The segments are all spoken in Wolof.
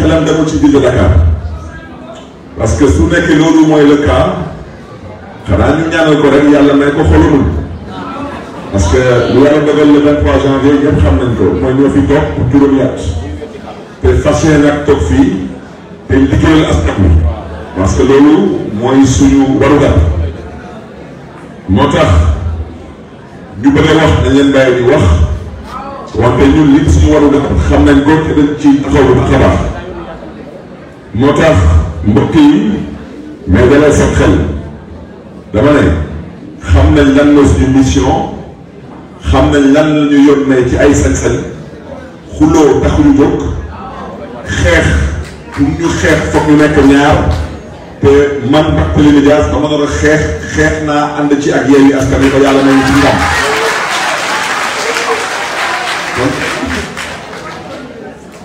xelam demul ci ville de parce que su nekkee loolu mooy le cas xanaa ñu ñaanal ko rek yàlla may ko xolumul parce que lu war a dogal le 23 janvier ñëpp xam nañ ko mooy ñoo fi toog pour juróomi at te fas nag toog fii te liggéeyal askan wi parce que loolu mooy suñu warugar moo tax ñu bëgg a wax dañ leen bàyyi wax wante ñun li suñu warugar xam nañ ko te dañ ci taxaw bu baax moo tax mbokk yi mais dalay sa xel dama ne xam nañ lan la suñu mission xam nañ lan la ñu yónnee ci ay sañ-sañ xuloo taxuñu jóg xeex pour ñu xeex foog ñu nekk ñaar te man Barthélémy Dias dama doon xeex xeex naa ànd ci ak Yewwi Askan Wi ba yàlla may ci ndam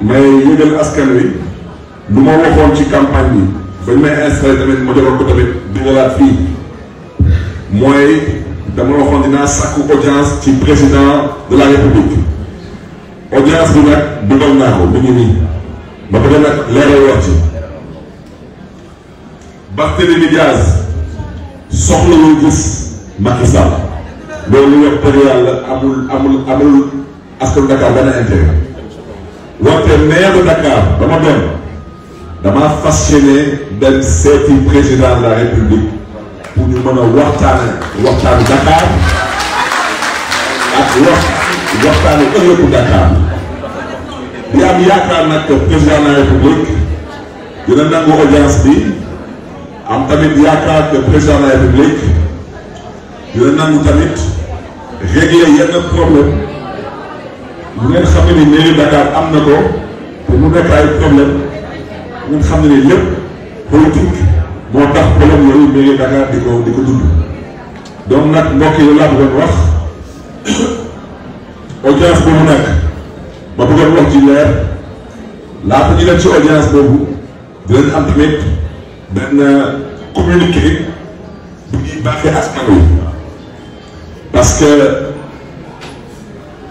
mais yëgal askan wi lu ma ci campagne bi bañ may installé tamit ma joxoon ko tamit dugalaat fii mooy dama waxoon dinaa sàkku audience ci président de la république audience bi nag dugal naa ko mu ngi nii ba bëgg nag leeral wax ci Barthélémy Dias soxlawul gis Macky Sall loolu lu wax yàlla amul amul amul askan Dakar benn intérêt le maire de Dakar dama le président de la république pour nous le Dakar. Dakar Watan de Dakar République. y a le président de la république le nangu audience bi am tamit le président de la république régler problème bu ngeen xam ne ni mairie Dakar am na ko te mu nekk ay problème ngeen xam ne ni lépp politique moo tax problème yooyu mairie Dakar di ko di ko dund donc nag mbokk yi laa bëggoon wax audience boobu nag ba bëggoon wax ci leer laata ñu dem ci audience boobu dinañ am tamit benn communiqué bu ñuy baaxee askan wi parce que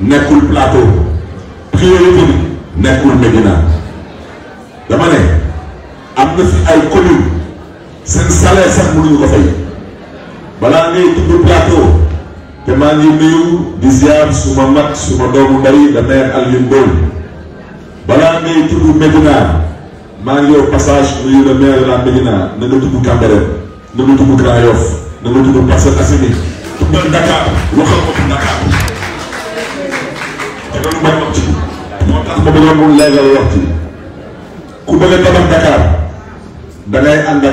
nekkul plateau priorité bi nekkul Médina dama ne am na fi ay commune seen salaire sax mënuñu ko fay balaa ngay tudd plateau te maa ngi nuyu di ziar mat su suma doomu ndey da maire Alioune balaa ngay tudd Médina maa ngi yow passage nuyu le maire de la Médina na nga tudd Cambérène na tudd Grand Yoff tudd Parcelles Assainies tuddal Dakar waxal ko te ku bëgg a Dakar da ngay ak dal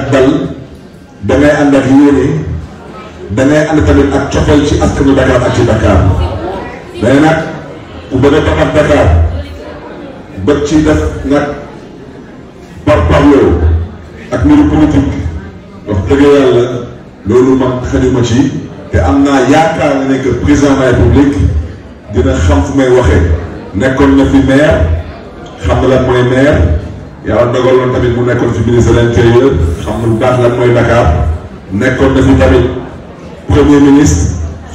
da ngay ànd ak yéene da ngay ànd tamit ak cofeel ci askanu Dakar ak ci Dakar day nag ku bëgg a Dakar ba ci def nag par par yow ak mbiru politique wax ci te am yaakaar ne que président de la République dina xam fu may fi maire xam na maire yàlla dogal na tamit mu fi ministre de l'intérieur xam baax Dakar premier ministre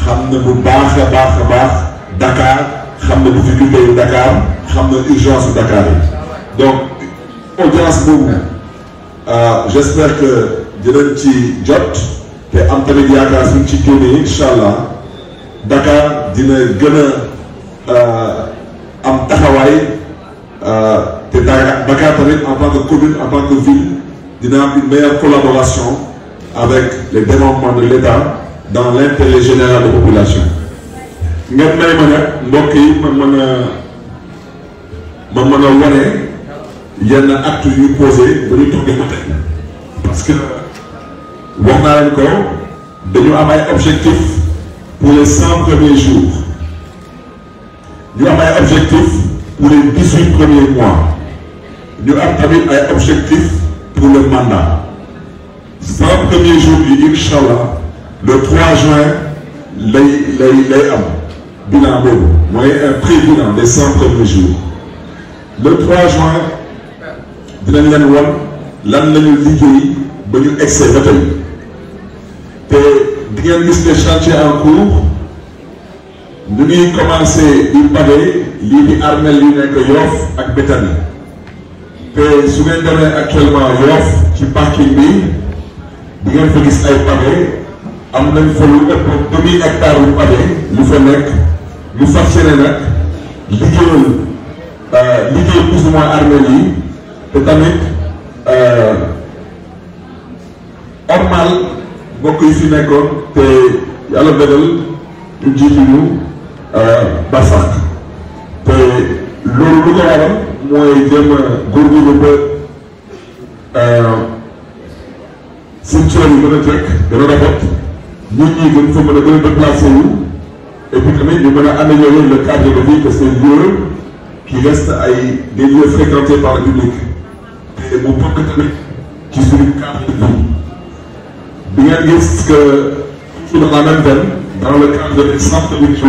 xam bu baax Dakar xam na difficulté Dakar urgence Dakar donc audience euh, j'espère que dinañ ci jot te am tamit yaakaar suñ ci Dakar euh, am euh, en tant que commune en tant que ville d'une une meilleure collaboration avec les développements de l'État dans l'intérêt général de la population je may yi yu posé ba parce que wax naa leen ko objectifs pour les 100 premiers jours nous avons un objectif pour les 18 premiers mois. Nous avons un objectif pour le mandat. 100 premiers jours du le 3 juin, les hommes, un président des 100 premiers jours. Le 3 juin, nous avons l'année le l'IGI, nous avons excès de Et nous avons une liste de en cours. ñu ngi commencé di pare lii di armel yi nekk Yoff ak Bétani te su ngeen demee actuellement Yoff ci parking bi di ngeen fa gis ay pare am nañ fa lu ëpp demi hectare bu pare lu fa nekk lu fas yéene nag liggéeyal euh, liggéey plus ou yi te tamit euh, ormal mbokk yi fi nekkoon te yàlla bégal ñu jiitu ñu. Massacre. Euh, et le Rougo Arabe, moi, il y a un gourou de ce que je veux dire, c'est une de notre truc, de notre pote, lui, il veut de place à nous, et puis, quand même, il veut améliorer le cadre de vie de ces lieux qui restent des lieux fréquentés par le public. Et mon propre public, qui est celui du cadre de vie. Bien, est-ce que, tout dans la même veine, dans le cadre des centres de lecture,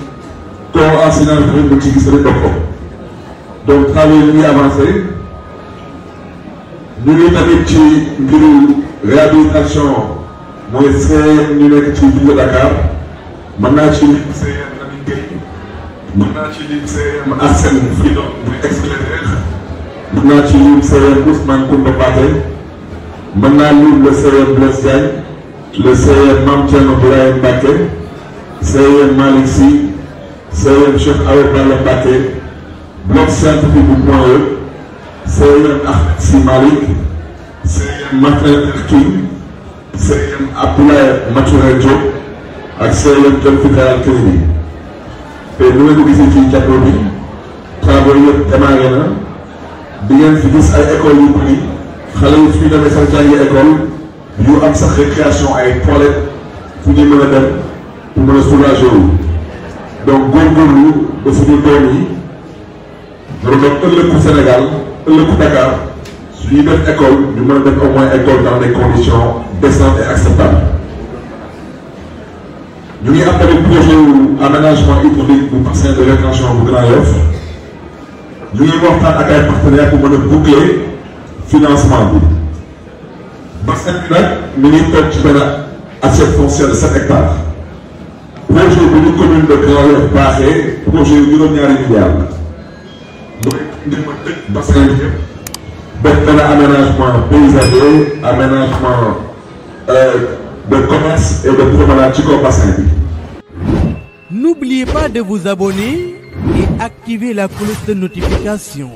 doomu accident bi tamit mu ci gis rek boppam donc travaux yi ñu ngi avancé ñu ngi tamit ci mbiru réhabilitation mooy seen ñu nekk ci ville de Dakar mën naa ci lim CM Lamine Gueye mën naa ci lim CM Assène fii doon muy accélérateur mën naa ci lim CM Ousmane Koumba Paté mën naa lim le CM Blaise Diagne le CM Mame Sëriñ Cheikh Awa Balla Mbacké bloc scientifique bu Point E Sëriñ ak si Malick Sëriñ Martin King Sëriñ Abdoulaye Maturel Diop ak Sëriñ John Fitzgerald Kennedy te ni nga ko gisee ci jàppoo bi travaux yëpp démarré na di ngeen fi gis ay école yu bëri xale yu fi demee sax jàngi école yu ay toilettes fu ñuy mën a dem pour mën a soulager wu Donc, bonjour, Gourou, au sud de je remets le coup Sénégal, le coup Dakar. sur nous avons école, nous devons au moins école dans des conditions décentes et acceptables. Nous avons appelé le projet d'aménagement hydraulique pour passer de rétention au Grand Yoff. Nous avons fait un partenaire pour le boucler le financement. Dans cette minute, nous avons assez foncière de 7 hectares projet bi ñu commune de grand baaxee projet du juróom-ñaari milliards la. des aménagement paysager aménagement euh, de commerce et de promenade ci kaw bassin N'oubliez pas de vous abonner et activer la cloche de notification.